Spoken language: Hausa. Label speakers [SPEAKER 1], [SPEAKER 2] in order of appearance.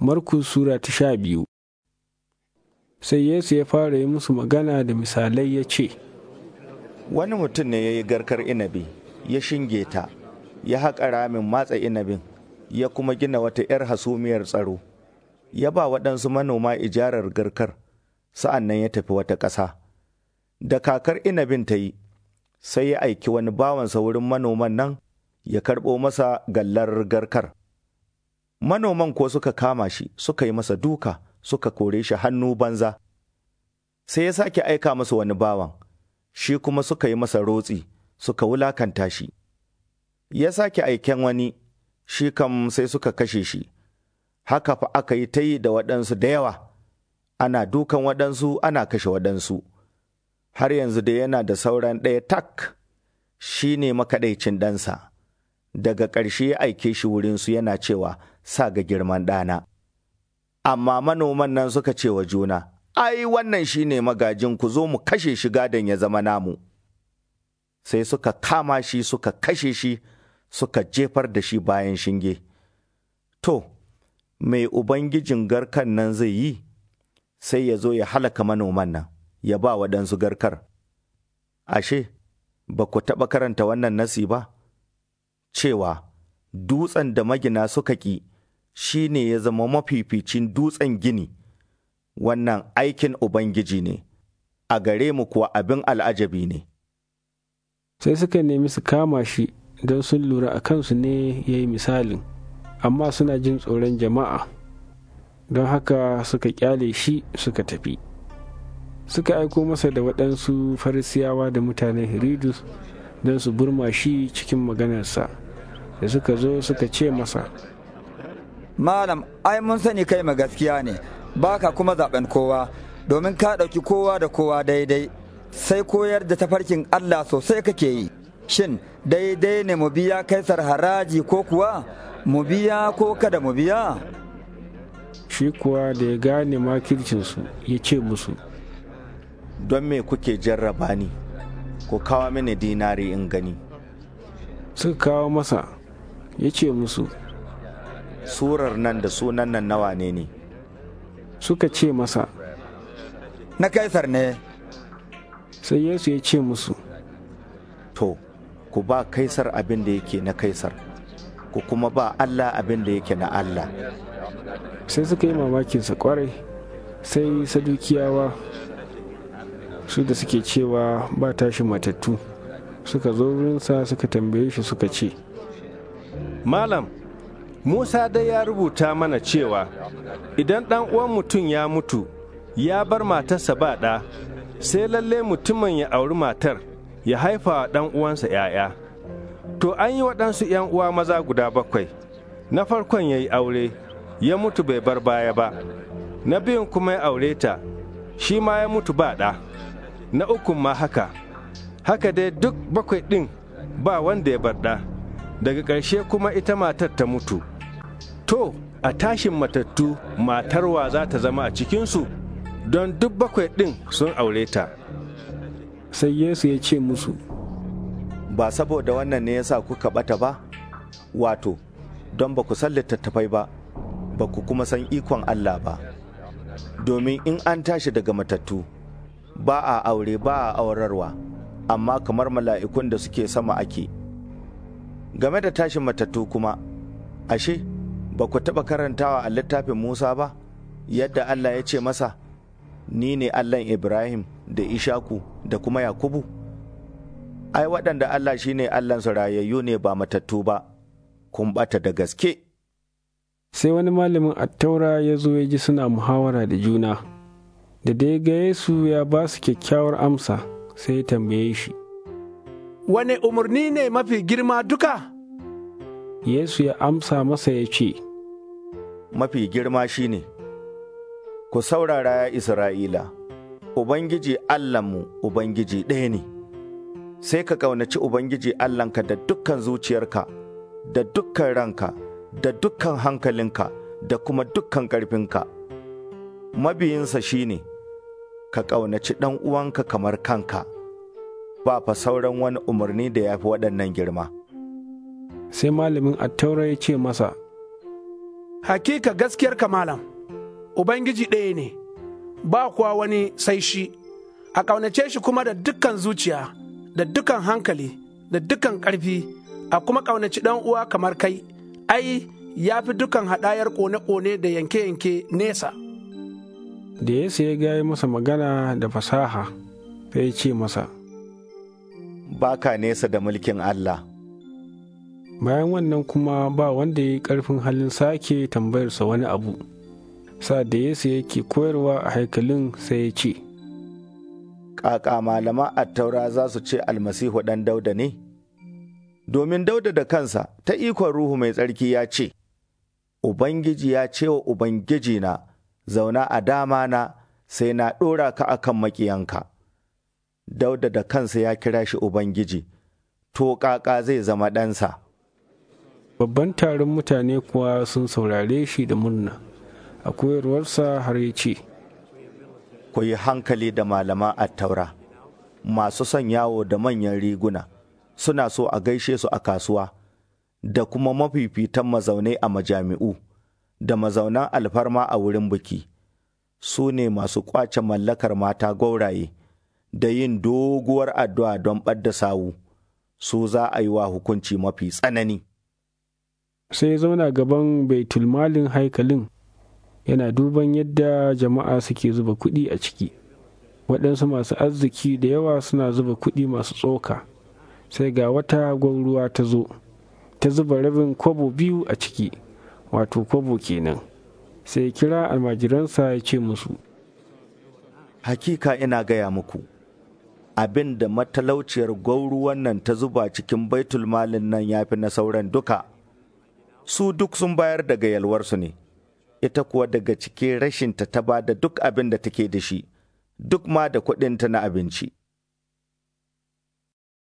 [SPEAKER 1] Markus Sura ta sha biyu Sai Yesu ya fara yi musu magana da misalai ya ce, Wani mutum ne ya yi garkar inabi, ya
[SPEAKER 2] shinge ta, ya haƙa ramin matsa inabin, ya kuma gina wata ‘yar hasumiyar tsaro, ya ba waɗansu manoma ijarar garkar, sa'an nan ya tafi wata ƙasa. Da kakar inabin ta yi, sai ya aiki wani bawansa wurin manoman nan, ya karɓo masa gallar garkar. Manoman ko suka kama shi, suka yi masa duka, suka kore shi hannu banza. Sai ya sake aika masa wani bawan, shi kuma suka yi masa rotsi, suka wulakanta shi. Ya sake aiken wani, shi kam sai suka kashe shi. Haka fa aka yi ta yi da waɗansu da yawa, ana dukan waɗansu, ana kashe waɗansu. Har yanzu da yana da sauran ɗaya tak, shi ne makaɗaicin ɗansa. Daga ƙarshe ya aike shi wurinsu yana cewa, sa ga girman ɗana. Amma manoman nan suka ce wa juna, Ai, wannan shi ne magajin ku zo mu kashe shi gadon ya zama namu. Sai suka kama shi suka kashe shi suka jefar da shi bayan shinge. To, mai Ubangijin garkan nan zai yi, sai ya zo ya halaka manoman nan, ya ba waɗansu garkar. Ashe, ba ku taɓa karanta wannan nasi ba? Cewa, dutsen da magina suka ƙi shi ne ya zama mafificin dutsen gini, wannan aikin Ubangiji ne, a gare mu kuwa abin al'ajabi ne.
[SPEAKER 1] Sai suka nemi su kama shi don sun lura a kansu ne ya yi misalin, amma suna jin tsoron jama'a, don haka suka ƙyale shi suka tafi. Suka aiko masa da waɗansu farisiyawa da mutanen Hiridus don su burma shi cikin maganarsa. da suka zo suka ce masa malam
[SPEAKER 2] ai mun sani kai ma gaskiya ne baka kuma zaben kowa domin ka ɗauki kowa da kowa daidai sai koyar da tafarkin Allah sosai kake yi shin daidai ne mu biya kaisar haraji ko kuwa mu biya ko kada mu biya
[SPEAKER 1] shi kuwa da ya gane makircinsu ya ce musu
[SPEAKER 2] don me kuke jarraba ni ko kawo mini dinari in gani suka kawo masa ya ce musu surar nan da sunan nan nawa ne ne suka ce masa na kaisar ne sai yesu ya ce musu to ku ba kaisar abin da yake na kaisar ku kuma ba allah abin da yake na allah
[SPEAKER 1] sai suka yi mamakinsa kwarai sai sadukiyawa su da suke cewa ba tashi matattu suka zo wurinsa suka tambaye shi suka ce malam musa dai ya rubuta mana cewa idan ɗan uwan mutum ya mutu ya bar matarsa ba ɗa sai lalle mutumin ya auri matar ya haifa ɗan uwansa ‘ya'ya to an yi waɗansu ‘yan uwa maza guda bakwai na farkon ya yi aure ya mutu bai bar baya ba na biyun kuma ya aure ta shi ma ya mutu ba ɗa na ukun ma haka haka dai duk bakwai ɗin ba wanda ya bar ɗa daga ƙarshe kuma ita matar ta mutu. To, a tashin matattu matarwa za ta zama a cikinsu don duk bakwai ɗin sun aure ta. Sai Yesu ya ce musu, Ba saboda wannan ne
[SPEAKER 2] yasa kuka ɓata ba, wato, don ba ku san littattafai ba, ba ku kuma san ikon Allah ba. Domin in an tashi daga matattu, ba a aure ba a aurarwa, amma kamar mala'ikun da suke sama ake. game da tashin matattu kuma ashe ba ku taɓa karantawa a littafin musa ba yadda allah ya ce masa ni ne allahn ibrahim da ishaku da kuma yakubu ai waɗanda allah shi ne allansu rayayyu ne ba matattu ba kun ɓata da gaske
[SPEAKER 1] sai wani malamin attaura ya zo ya ji suna muhawara da juna da da ya ga yesu ya ba su kyakkyawar amsa sai ya tambaye shi wane umarni ne mafi girma duka? Yesu ya amsa masa ya ce, Mafi
[SPEAKER 2] girma shi ne, ku saurara ya Isra'ila, Ubangiji Allahnmu Ubangiji ɗaya ne, sai ka ƙaunaci Ubangiji Allahnka da dukkan zuciyarka, da dukkan ranka, da dukkan hankalinka, da kuma dukkan ƙarfinka. Mabiyinsa shi ne, ka ƙaunaci ɗan uwanka kamar kanka. ba fa sauran wani umarni da ya fi waɗannan girma.
[SPEAKER 1] Sai malamin attaura ya ce masa, Hakika gaskiyar malam, Ubangiji ɗaya ne, ba kuwa wani sai shi, a ƙaunace shi kuma da dukkan zuciya, da dukkan hankali, da dukkan ƙarfi, a kuma ƙaunaci ɗan uwa kamar kai, ai, ya fi dukkan haɗayar ƙone-ƙone da yanke-yanke nesa. Da Yesu ya gaya masa magana da fasaha, sai ya ce masa, baka
[SPEAKER 2] nesa da mulkin Allah.
[SPEAKER 1] Bayan wannan kuma ba wanda ya yi ƙarfin halin sake tambayarsa wani abu, sa da Yesu yake koyarwa a haikalin sai ya ce,
[SPEAKER 2] Ƙaƙa malama a attaura za su ce almasihu ɗan dauda ne? Domin dauda da kansa ta ikon ruhu mai tsarki ya ce, Ubangiji ya ce wa Ubangiji na, zauna a dama na sai na ɗora ka akan maƙiyanka. dauda da kansa ya kira shi Ubangiji, to ƙaƙa zai zama
[SPEAKER 1] ɗansa. Babban taron mutane kuwa sun saurare shi da murna, a koyarwarsa har ya ce, Ku yi hankali da malama
[SPEAKER 2] attaura, masu son yawo da manyan riguna, suna so a gaishe su a kasuwa, da kuma mafifitan mazaunai a majami'u, da mazaunan alfarma a wurin biki, su ne masu ƙwace mallakar mata gauraye. da yin doguwar addu'a don ɓadda sawu, su za a yi wa hukunci mafi tsanani.
[SPEAKER 1] Sai zauna gaban baitulmalin haikalin yana duban yadda jama'a suke zuba kuɗi a ciki. Waɗansu masu arziki da yawa suna zuba kuɗi masu tsoka, sai ga wata gwauruwa ta zo, ta zuba rabin kwabo biyu a ciki, wato kwabo kenan. Sai kira almajiransa ya ce musu. Hakika ina gaya
[SPEAKER 2] muku. abin da matalauciyar gwauruwan nan ta zuba cikin baitul malin nan ya fi na sauran duka su duk sun bayar daga yalwarsu ne ita kuwa daga cikin rashinta ta ba da duk abin da take da shi duk ma da kuɗinta na abinci